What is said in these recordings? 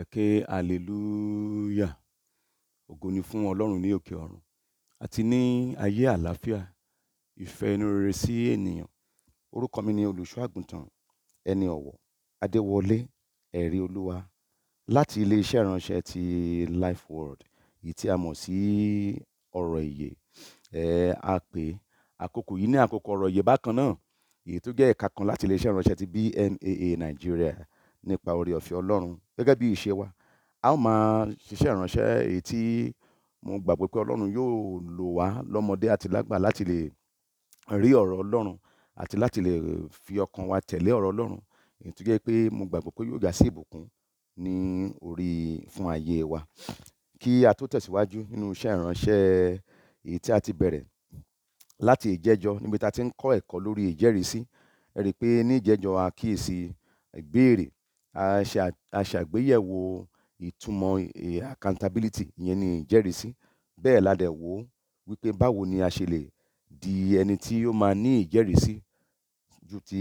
Ẹ̀kẹ́ hallelujah. Ògo ni fún Ọlọ́run ní òkè ọ̀run àti ní ayé àlàáfíà. Ìfẹ́ inú rere sí ènìyàn. Orúkọ mi ni Olùṣọ́ àgùntàn ẹni ọ̀wọ̀ Adéwọlé ẹ̀rí Olúwa láti ilé ìránṣẹ́ ti Life Word èyí tí a mọ̀ sí ọ̀rọ̀ ìyè. Ẹ̀ a pè àkókò yìí ní àkókò ọ̀rọ̀ ìyè bákan náà èyí tó jẹ́ ẹ̀ka kan láti ilé ìránṣẹ́ ti BMAA Nigeria nípa oore ọ̀fẹ́ Ọlọ́run Gẹ́gẹ́ bí ìṣe wa, a ó máa ṣiṣẹ́ ìránṣẹ́ èyí tí mo gbàgbọ́ pé Ọlọ́run yóò lò wá lọ́mọdé àti lágbà láti lè rí ọ̀rọ̀ Ọlọ́run àti láti lè fi ọkàn wa tẹ̀lé ọ̀rọ̀ Ọlọ́run. Èyí tó jẹ́ pé mo gbàgbọ́ pé yóò já sí ìbùkún ní orí fún ayé wa. Kí a tó tẹ̀síwájú nínú iṣẹ́ ìránṣẹ́ èyí tí a ti bẹ̀rẹ̀ láti ìjẹ́jọ́ níbi tí a ti ń kọ́ ẹ̀kọ́ lórí ìjẹ́rìísí. Ẹ pé ní ìjẹ́jọ́ a ìbéèrè a ṣàgbéyẹ̀wò ìtumọ̀ e, accountability ìyẹn ní ìjẹ́risí bẹ́ẹ̀ la dẹ̀ wò ó wípé báwo ni a ṣe lè di ẹni tí ó máa ní ìjẹ́risí ju ti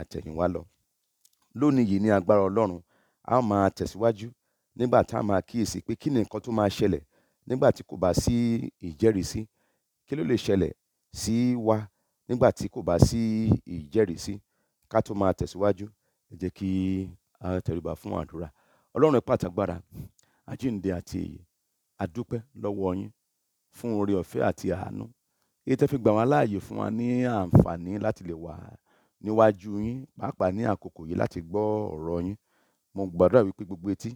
àtẹ̀yìnwá lọ. Lónìí yìí ní agbára Ọlọ́run, a ó máa tẹ̀síwájú nígbà tá a máa kíyèsí pé kí ni nǹkan tó máa ṣẹlẹ̀ nígbà tí kò bá sí ìjẹ́risí? Kí ló lè ṣẹlẹ̀ sí wa nígbà tí kò bá sí ìjẹ́risí? Ká tó máa tẹ̀síwájú, ẹ jẹ́ kí a tẹríba fún àdúrà ọlọ́run ipá àtàgbára àjíǹde àti èyí àdúpẹ́ lọ́wọ́ yín fún oore ọ̀fẹ́ àti àánú èyí tẹ́ fi gbà wá láàyè fún wa ní àǹfààní láti lè wà níwájú yín pàápàá ní àkókò yìí láti gbọ́ ọ̀rọ̀ yín mo gbàdúrà wípé gbogbo etí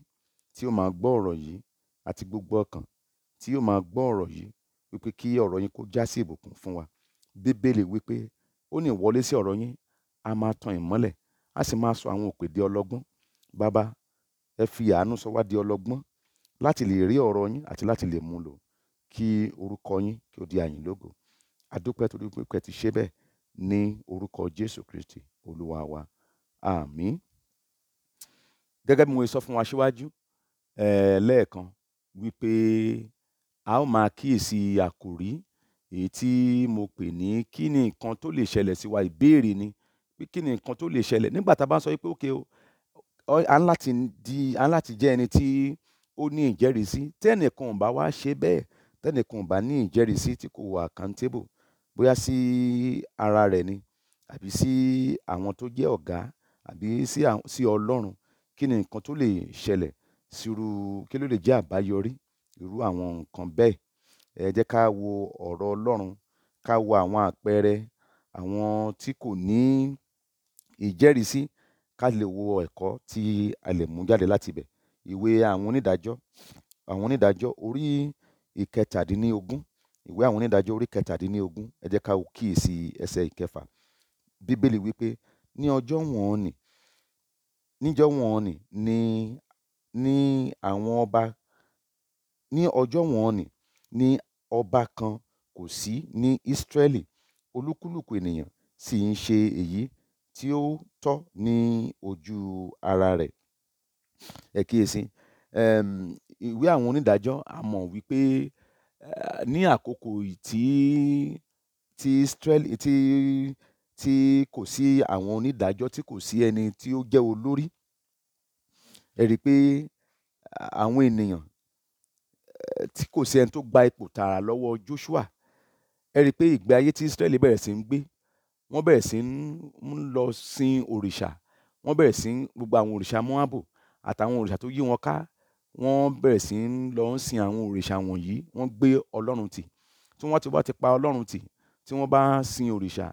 tí ó máa gbọ́ ọ̀rọ̀ yìí àti gbogbo ọkàn tí ó máa gbọ́ ọ̀rọ̀ yìí wípé kí ọ̀rọ̀ yín kó já sí ìbùkún fún wa bíbélì wípé ó ní ìwọlé sí ọ̀rọ̀ yín a máa tan ìmọ́lẹ̀ a sì máa sọ àwọn òpèdè ọlọ́gbọ́n Baba, ẹ fi àánú sọ wá di ọlọ́gbọ́n láti lè rí ọ̀rọ̀ yín àti láti lè mú lò kí orúkọ yín kí ó di àyìn lógo. A torí pé ti ṣe bẹ́ẹ̀ ní orúkọ Jésù Kristi Olúwa wa. Àmín. Gẹ́gẹ́ bí mo sọ fún wa síwájú, eh, lẹ́ẹ̀kan wípé a ó máa kíyèsí àkòrí èyí tí mo pè ní kí ni nǹkan tó lè ṣẹlẹ̀ sí wa ìbéèrè ni pé kí ni nǹkan tó lè ṣẹlẹ̀ nígbà tá a bá sọ wípé ókè o. Okay, a ní láti di a ní láti jẹ́ ẹni tí ó ní ìjẹ́rìísí tí ẹnìkan ò bá wá ṣe bẹ́ẹ̀ tí bá ní ìjẹ́rìísí tí kò wà accountable bóyá sí ara rẹ̀ ni àbí sí àwọn tó jẹ́ ọ̀gá àbí sí sí Ọlọ́run kí ni nǹkan tó lè ṣẹlẹ̀ sírú kí ló lè jẹ́ àbáyọrí irú àwọn nǹkan bẹ́ẹ̀ ẹ jẹ́ ká wo ọ̀rọ̀ Ọlọ́run ká wo àwọn àpẹẹrẹ àwọn tí kò ní ìjẹ́rìísí ká lè wo ẹ̀kọ́ tí a lè mú jáde láti ibẹ̀. Ìwé àwọn onídàájọ́, àwọn onídàájọ́ orí ìkẹtàdínlógún, ìwé àwọn onídàájọ́ orí ìkẹtàdínlógún, ẹ jẹ́ ká ó kíyèsí ẹsẹ̀ ìkẹfà. Bíbélì wípé ní ọjọ́ wọ̀n-ọn-nì, níjọ́ wọ̀n ni, ní àwọn ọba, ní ọjọ́ wọ̀n-ọn-nì ni ọba kan kò sí ní Ísírẹ́lì, olúkúlùkù ènìyàn sì ń ṣe èyí tí ó tọ́ ní ojú ara rẹ̀. Ẹ kíyèsi, um ìwé àwọn onídàájọ́ a mọ̀ wípé um ní àkókò tí tí Ísírẹ́lì tí tí kò sí àwọn onídàájọ́ tí kò sí ẹni tí ó jẹ́ olórí, ẹ rí i pé àwọn ènìyàn tí kò sí ẹni tó gba ipò tààrà lọ́wọ́ Jóṣúà, ẹ rí i pé ìgbé ayé tí Ísírẹ́lì bẹ̀rẹ̀ sí ń gbé wọ́n bẹ̀rẹ̀ sí ń lọ sin òrìṣà wọ́n bẹ̀rẹ̀ sí gbogbo àwọn òrìṣà Móábù àtàwọn òrìṣà tó yí wọn ká wọ́n bẹ̀rẹ̀ sí ń lọ ń sin àwọn òrìṣà wọ̀nyí wọ́n gbé Ọlọ́run tì tí wọ́n ti bá ti pa Ọlọ́run tì tí wọ́n bá sin òrìṣà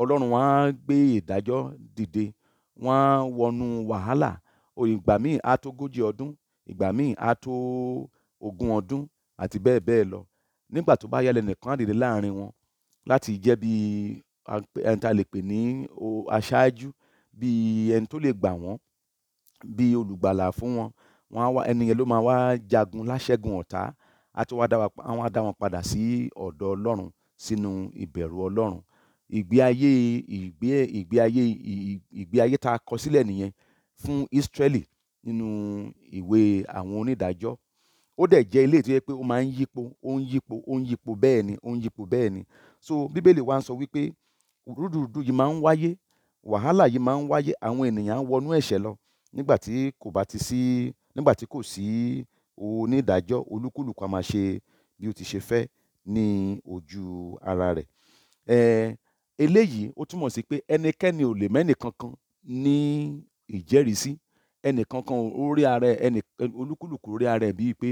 Ọlọ́run wọn á gbé ìdájọ́ dìde wọ́n á wọnú wàhálà ìgbà míì á tó gójì ọdún ìgbà míì á tó ogún ọdún àti bẹ́ẹ̀ bẹ́ẹ̀ lọ nígbà tó bá yá lẹ́nìkan á láàrin wọn láti jẹ́ bíi ẹni tá a lè pè ní aṣáájú bíi ẹni tó lè gbà wọ́n bíi olùgbàlà fún wọn wọn wá ẹni yẹn ló máa wá jagun láṣẹ́gun ọ̀tá á tún wá dá wa àwọn á dá wọn padà sí ọ̀dọ̀ ọlọ́run sínú ìbẹ̀rù ọlọ́run ìgbé ayé ìgbé ìgbé ayé ìgbé ayé tá a kọ sílẹ̀ nìyẹn fún Ísírẹ́lì nínú ìwé àwọn onídàájọ́ ó dẹ̀ jẹ́ ilé tó yẹ pé ó máa ń yípo ó ń yípo ó ń yípo bẹ́ẹ̀ ni ó ń yípo bẹ́ẹ̀ ni so bíbélì wa ń sọ wípé rúdurùdu yìí máa ń wáyé wàhálà yìí máa ń wáyé àwọn ènìyàn ń wọnú ẹ̀ṣẹ̀ lọ nígbà tí kò bá ti sí nígbà tí kò sí onídàájọ́ olúkúlùkù a máa ṣe bí ó ti ṣe fẹ́ ní ojú ara rẹ̀ um eléyìí ó túmọ̀ sí pé ẹnikẹ́ni ò lè mẹ́nì kankan ní ìjẹ́rìísí ẹnì kankan ó rí ara ẹ̀ olúkúlùkù rí ara ẹ̀ bíi pé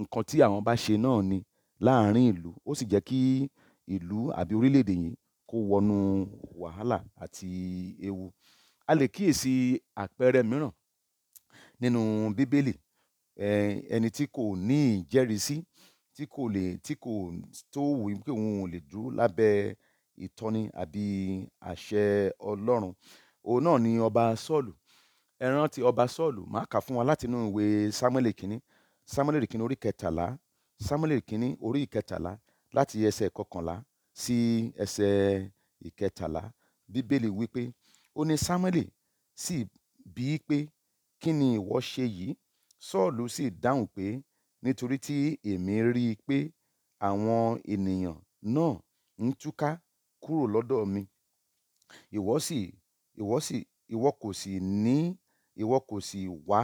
nǹkan tí àwọn bá ṣe náà ni láàárín ìlú ó sì jẹ́ kí ìlú àbí orílẹ̀-èdè yìí kó wọnú wàhálà àti ewu. A lè kíyèsi àpẹẹrẹ mìíràn nínú bíbélì, um ẹni tí kò ní ìjẹ́risí, tí kò lè, tí kò tó wí pé òun ò lè dúró lábẹ́ ìtọ́ni àbí àṣẹ Ọlọ́run. Òun náà ni ọba Saulu. Ẹ rántí ọba Saulu, màá kà fún wa láti inú ìwé Samuẹli kìíní. Samuẹli kìíní orí kẹtàlá, Samuẹli kìíní orí ìkẹtàlá láti ẹsẹ̀ kọkànlá sí ẹsẹ̀ ìkẹtàlá bíbélì wípé ó ní sámúẹ́lì sì bí i pé kí ni ìwọ ṣe yìí sọ́ọ̀lù sì dáhùn pé nítorí tí èmi rí i pé àwọn ènìyàn náà ń túká kúrò lọ́dọ̀ mi ìwọ sì ìwọ sì ìwọ kò sì ní ìwọ kò sì wá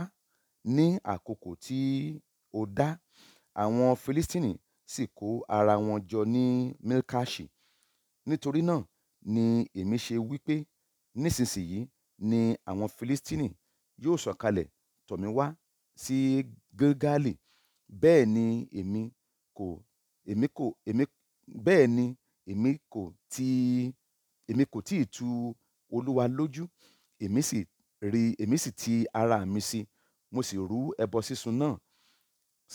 ní àkókò tí o dá àwọn filistini sì kó ara wọn jọ ní mílíkàṣì nítorí náà ni èmi ṣe wí nísinsìnyí ni àwọn filistini yóò sọ̀kalẹ̀ tọ̀ mí wá sí gilgali bẹ́ẹ̀ ni èmi kò èmi kò èmi bẹ́ẹ̀ ni èmi kò tí èmi kò tí ì tu olúwa lójú èmi sì rí èmi sì ti ara mi sí mo sì rú ẹbọ sísun náà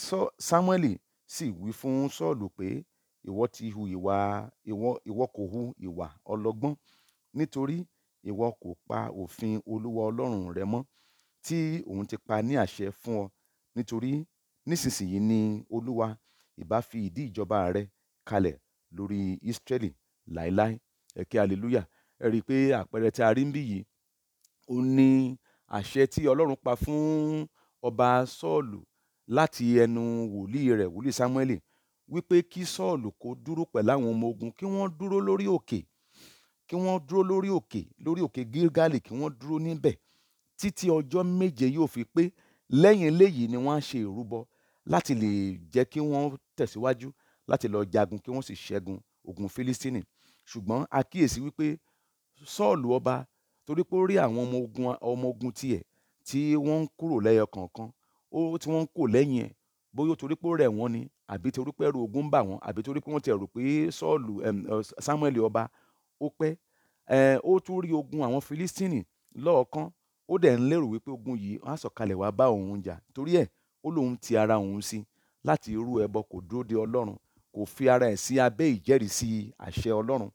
sọ sámúẹ́lì sì wí fún Sọ́ọ̀lù pé, “Ìwọ ti hu ìwà ìwọ, ìwọ kò hu ìwà ọlọ́gbọ́n, nítorí ìwọ kò pa òfin Olúwa Ọlọ́run rẹ mọ́, tí òun ti pa ní àṣẹ fún ọ. Nítorí nísinsìnyí ni Olúwa ìbá fi ìdí ìjọba rẹ̀ kalẹ̀ lórí Israẹli láéláé.” Ẹ ké hallelujah. Ẹ rí i pé àpẹẹrẹ tí a rí níbí yìí, òun ní àṣẹ tí Ọlọ́run pa fún ọba Sọ́ọ̀lù láti ẹnu wòlíì rẹ̀ wòlíì sámúẹ́lì wípé kí sọ́ọ̀lù kó dúró pẹ̀lú àwọn ọmọ ogun kí wọ́n dúró lórí òkè kí wọ́n dúró lórí òkè lórí òkè gilgali kí wọ́n dúró níbẹ̀ títí ọjọ́ méje yóò fi pé lẹ́yìn eléyìí ni wọ́n á ṣe ìrúbọ láti lè jẹ́ kí wọ́n tẹ̀síwájú láti lọ jagun kí wọ́n sì ṣẹ́gun ogun Fílístínì ṣùgbọ́n àkíyèsí wípé Sọ́ọ̀lù ọba torí pé ó rí àwọn ọmọ ogun ọmọ tí wọ́n ń kúrò lẹ́yọ kọ̀ọ̀kan ó tí wọ́n ń kò lẹ́yìn ẹ̀ bóyá torí pé ó rẹ̀ wọ́n ni àbí torí pé ẹrù ogun bà wọ́n àbí torí pé wọ́n ti rò pé Sọ́ọ̀lù Samuel ọba ó pẹ́ ó tún rí ogun àwọn Filistini lọ́ọ̀kan ó dẹ̀ ń lérò wípé ogun yìí wọ́n á sọ̀kalẹ̀ wá bá òun jà torí ẹ̀ ó lóun ti ara òun sí láti irú ẹbọ kò dúró de Ọlọ́run kò fi ara ẹ̀ sí abẹ́ ìjẹ́rìísí àṣẹ Ọlọ́run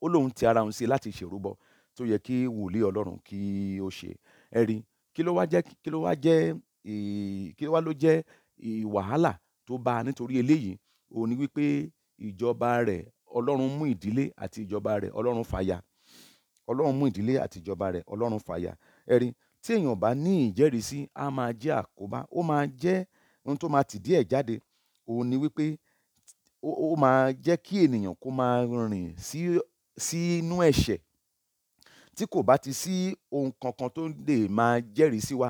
ó lóun ti ara òun sí láti ṣèrúbọ tó yẹ kí wòlíì Ọlọ́run kí ó ṣe ẹ̀rí kí ló wá jẹ́ kí ló wá jẹ́ kí wá ló jẹ́ wàhálà tó bá a nítorí eléyìí òun ni wípé ìjọba rẹ̀ ọlọ́run mú ìdílé àti ìjọba rẹ̀ ọlọ́run fàya ọlọ́run mú ìdílé àti ìjọba rẹ̀ ọlọ́run fàya ẹ̀rí tí èèyàn bá ní ìjẹ́rìísí á máa jẹ́ àkóbá ó máa jẹ́ ohun tó máa tìdí ẹ̀ jáde òun ni wípé ó máa jẹ́ kí ènìyàn kó máa rìn sínú ẹ̀ṣẹ̀ tí kò bá ti sí ohun kankan tó lè máa jẹ́rìí sí wa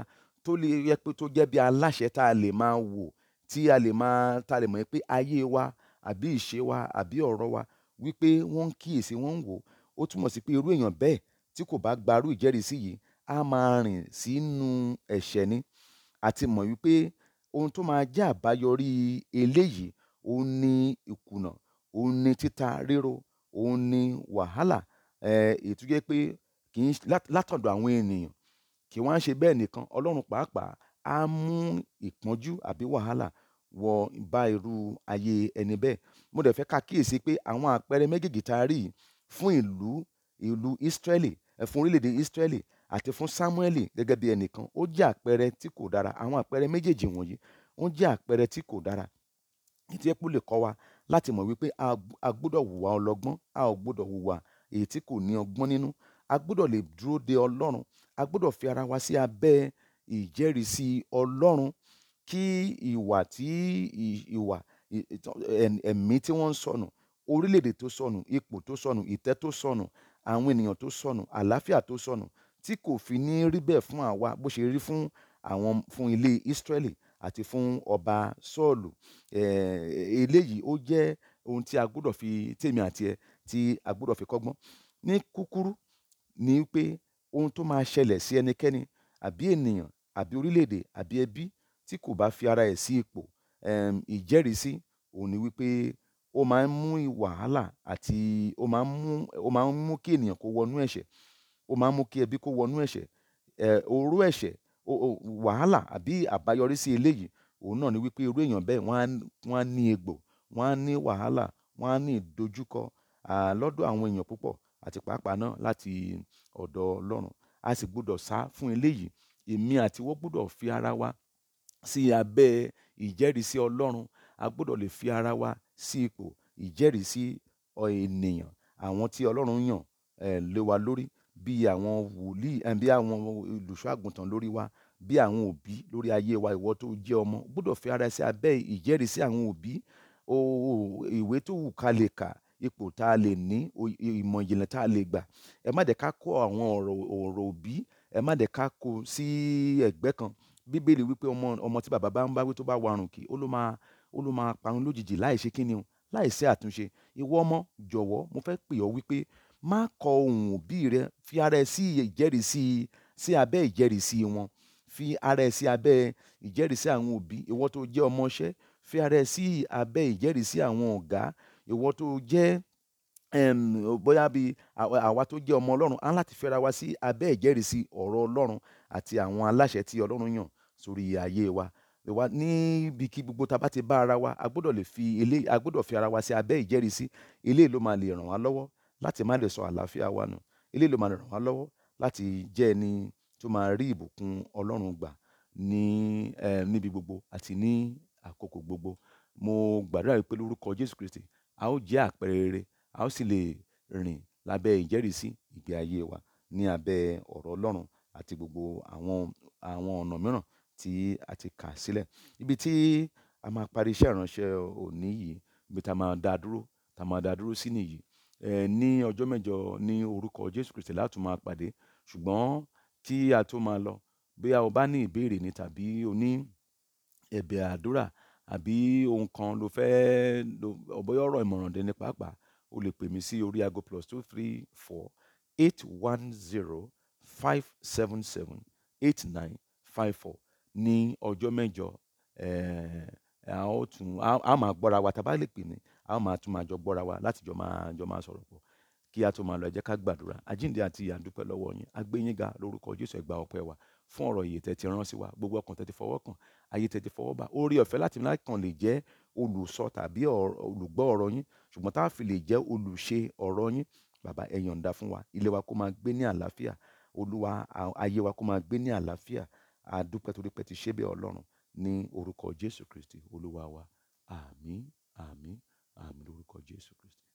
tó lè yẹ pé tó jẹ́ bí aláṣẹ tá a lè máa wò tí a lè máa tá a lè mọ̀ pé ayé wa àbí ìṣe wa àbí ọ̀rọ̀ wa wípé wọ́n ń kíyèsí wọ́n ń wò ó túmọ̀ sí pé irú èèyàn bẹ́ẹ̀ tí kò bá gbarú ìjẹ́rìísí yìí á máa rìn sínú ẹ̀ṣẹ̀ ni àti mọ̀ wípé ohun tó máa jẹ́ àbáyọrí eléyìí òun ni ìkùnà òun ni títa ríro òun ni wàhálà èyí tó pé kì í látọ̀dọ̀ àwọn ènìyàn kì í wá ń ṣe bẹ́ẹ̀ nìkan ọlọ́run pàápàá á mú ìpọ́njú àbí wàhálà wọ bá irú ayé ẹni bẹ́ẹ̀ mo dẹ̀ fẹ́ ká kíyèsí pé àwọn àpẹẹrẹ méjèèjì tá a rí yìí fún ìlú ìlú Ísírẹ́lì fún orílẹ̀-èdè Ísírẹ́lì àti fún Sámúẹ́lì gẹ́gẹ́ bí ẹnìkan ó jẹ́ àpẹẹrẹ tí kò dára àwọn àpẹẹrẹ méjèèjì wọ̀nyí ó jẹ́ àpẹẹrẹ tí kò dára ètí ẹ̀pù lè kọ́ wa láti mọ̀ wípé a gbọ́dọ̀ hùwà ọlọ́gbọ́n a ò gbọ́dọ̀ hùwà èyí tí kò ní ọgbọ́n nínú a gbọ́dọ̀ lè dúró de Ọlọ́run a gbọ́dọ̀ fi ara wa sí abẹ́ ìjẹ́rìísí Ọlọ́run kí ìwà tí ìwà ẹ̀mí tí wọ́n ń sọnù orílẹ̀-èdè tó sọnù ipò tó sọnù ìtẹ́ tó sọnù àwọn ènìyàn tó sọnù àlàáfíà tó sọnù tí kò fi ní rí bẹ́ẹ̀ fún àwa bó ṣe rí fún àwọn fún ilé Ísírẹ́lì àti fún ọba Sọ́ọ̀lù eléyìí ó jẹ́ ohun tí a gbọ́dọ̀ fi tèmi àti ẹ tí a gbọ́dọ̀ fi kọ́gbọ́n ní kúkúrú ni pé ohun tó máa ṣẹlẹ̀ sí ẹnikẹ́ni àbí ènìyàn àbí orílẹ̀-èdè àbí ẹbí tí kò bá fi ara ẹ̀ sí ipò ìjẹ́rìísí òhun ni wí pé ó máa ń mú wàhálà àti ó máa ń mú ó máa ń mú kí ènìyàn kó wọnú ẹ̀ṣẹ̀ ó máa ń mú kí ẹbí kó wọnú ẹ̀ṣẹ̀ um orú ẹ̀ṣẹ̀ wàhálà àbí àbáyọrí eléyìí òhun náà ni wí irú èèyàn bẹ́ẹ̀ wọ́n á ní egbò wọ́n á ní wàhálà wọ́n á ní ìdojúkọ lọ́dọ̀ àwọn èèyàn púpọ̀ àti pàápàá náà láti ọ̀dọ̀ Ọlọ́run. A sì gbọdọ̀ sá fún eléyìí. Èmi àti ìwọ gbọdọ̀ fi ara wa sí abẹ́ ìjẹ́rìísí Ọlọ́run. A gbọdọ̀ lè fi ara wa sí ipò ìjẹ́rìísí ènìyàn, àwọn tí Ọlọ́run yàn eh lé wa lórí bí àwọn wòlíì, eh, bí àwọn olùṣọ́-àgùntàn lórí wa, bí àwọn òbí lórí ayé wa. Ìwọ tó jẹ́ ọmọ gbọdọ̀ fi ara sí abẹ́ ìjẹ́rìísí àwọn òbí. Ìwé tó wù ka lè kà ipò tá a lè ní ìmọ̀ ìjìnlẹ̀ tá a lè gbà ẹ má dẹ̀ ká kó àwọn ọ̀rọ̀ òbí ẹ má dẹ̀ ká kó sí ẹ̀gbẹ́ kan bíbélì wípé ọmọ ọmọ tí bàbá bá ń bá wí tó bá warùn kì ó ló máa ó ló máa parun lójijì láì ṣe kíni o láì ṣe àtúnṣe ìwọ ọmọ jọ̀wọ́ mo fẹ́ pè ọ́ wípé má kọ ohùn òbí rẹ fi ara ẹ sí ìjẹ́rìísí sí abẹ́ ìjẹ́rìísí wọn fi ara ẹ sí abẹ́ ìjẹ́rìísí àwọn òbí ìwọ tó jẹ́ ọmọọṣẹ́ fi ara ẹ sí abẹ́ ìjẹ́rìísí àwọn ọ̀gá ìwọ tó jẹ́ um, bóyá bí àwa tó jẹ́ ọmọ ọlọ́run á láti fẹ́ra wa sí abẹ́ ìjẹ́rìsí ọ̀rọ̀ ọlọ́run àti àwọn aláṣẹ tí ọlọ́run yàn sórí ayé wa wa níbi kí gbogbo ta bá ti bá ara wa a gbọ́dọ̀ lè fi ilé a gbọ́dọ̀ fi ara wa sí abẹ́ ìjẹ́rìsí ilé ló máa lè ràn wá lọ́wọ́ láti má lè sọ àlàáfíà wa nù ilé ló máa lè ràn wá lọ́wọ́ láti jẹ́ ẹni tó máa rí ìbùkún ọlọ́run gbà ní níbi gbogbo àti ní àkókò gbogbo mo gbàdúrà pé lórúkọ Jésù Kristi a ó jẹ́ àpẹẹrẹ rere, a ó sì lè rìn lábẹ́ ìjẹ́rìísí ìgbé ayé wa ní abẹ́ ọ̀rọ̀ Ọlọ́run àti gbogbo àwọn, àwọn ọ̀nà mìíràn tí a ti kà sílẹ̀. Ibi tí a máa parí iṣẹ́ ìránṣẹ́ òní yìí, ibi tí a máa dá dúró, tí a máa dá dúró sí nìyí. Ẹ̀ ní ọjọ́ mẹ́jọ ní orúkọ Jésù Kristi láti máa pàdé. Ṣùgbọ́n kí a tó máa lọ, boya o bá ní ìbéèrè ni tàbí o ní ẹ̀bẹ̀ àdúrà àbí ohun kan lo fẹ́ lo, bóyá ọ̀rọ̀ ìmọ̀ràn dè ní pàápàá, o lè pè mí sí orí ago plus two three four eight one zero five seven seven eight nine five four ní ọjọ́ mẹ́jọ. Ehn, a ó a máa gbọ́ra wa, tí a bá lè pè ní, a máa tún máa jọ gbọ́ra wa láti jọ máa, jọ máa sọ̀rọ̀ pọ̀. Kí a tó máa lọ, ẹ jẹ́ ká gbàdúrà. Àjíǹde àti ìyè a lọ́wọ́ yín. A gbé yín ga lórúkọ Jésù, ẹ gba ọpẹ́ wa fún ọ̀rọ̀ ìyè tẹ́ ti rán sí wa gbogbo ọkàn tẹ́ ti fọwọ́ kàn ayé tẹ́ ti fọwọ́ bá orí ọ̀fẹ́ láti ní láti kàn lè jẹ́ olùsọ tàbí olùgbọ́ ọ̀rọ̀ yín ṣùgbọ́n tá a fi lè jẹ́ olùṣe ọ̀rọ̀ yín bàbá ẹ yọ̀ǹda fún wa ilé wa kó máa gbé ní àlàáfíà olúwa ayé wa kó máa gbé ní àlàáfíà àdúpẹ́ torí pé ti ṣe bẹ́ẹ̀ ọlọ́run ní orúkọ jésù kristi olúwa wa àmín àmín àmín lórúkọ jésù kristi.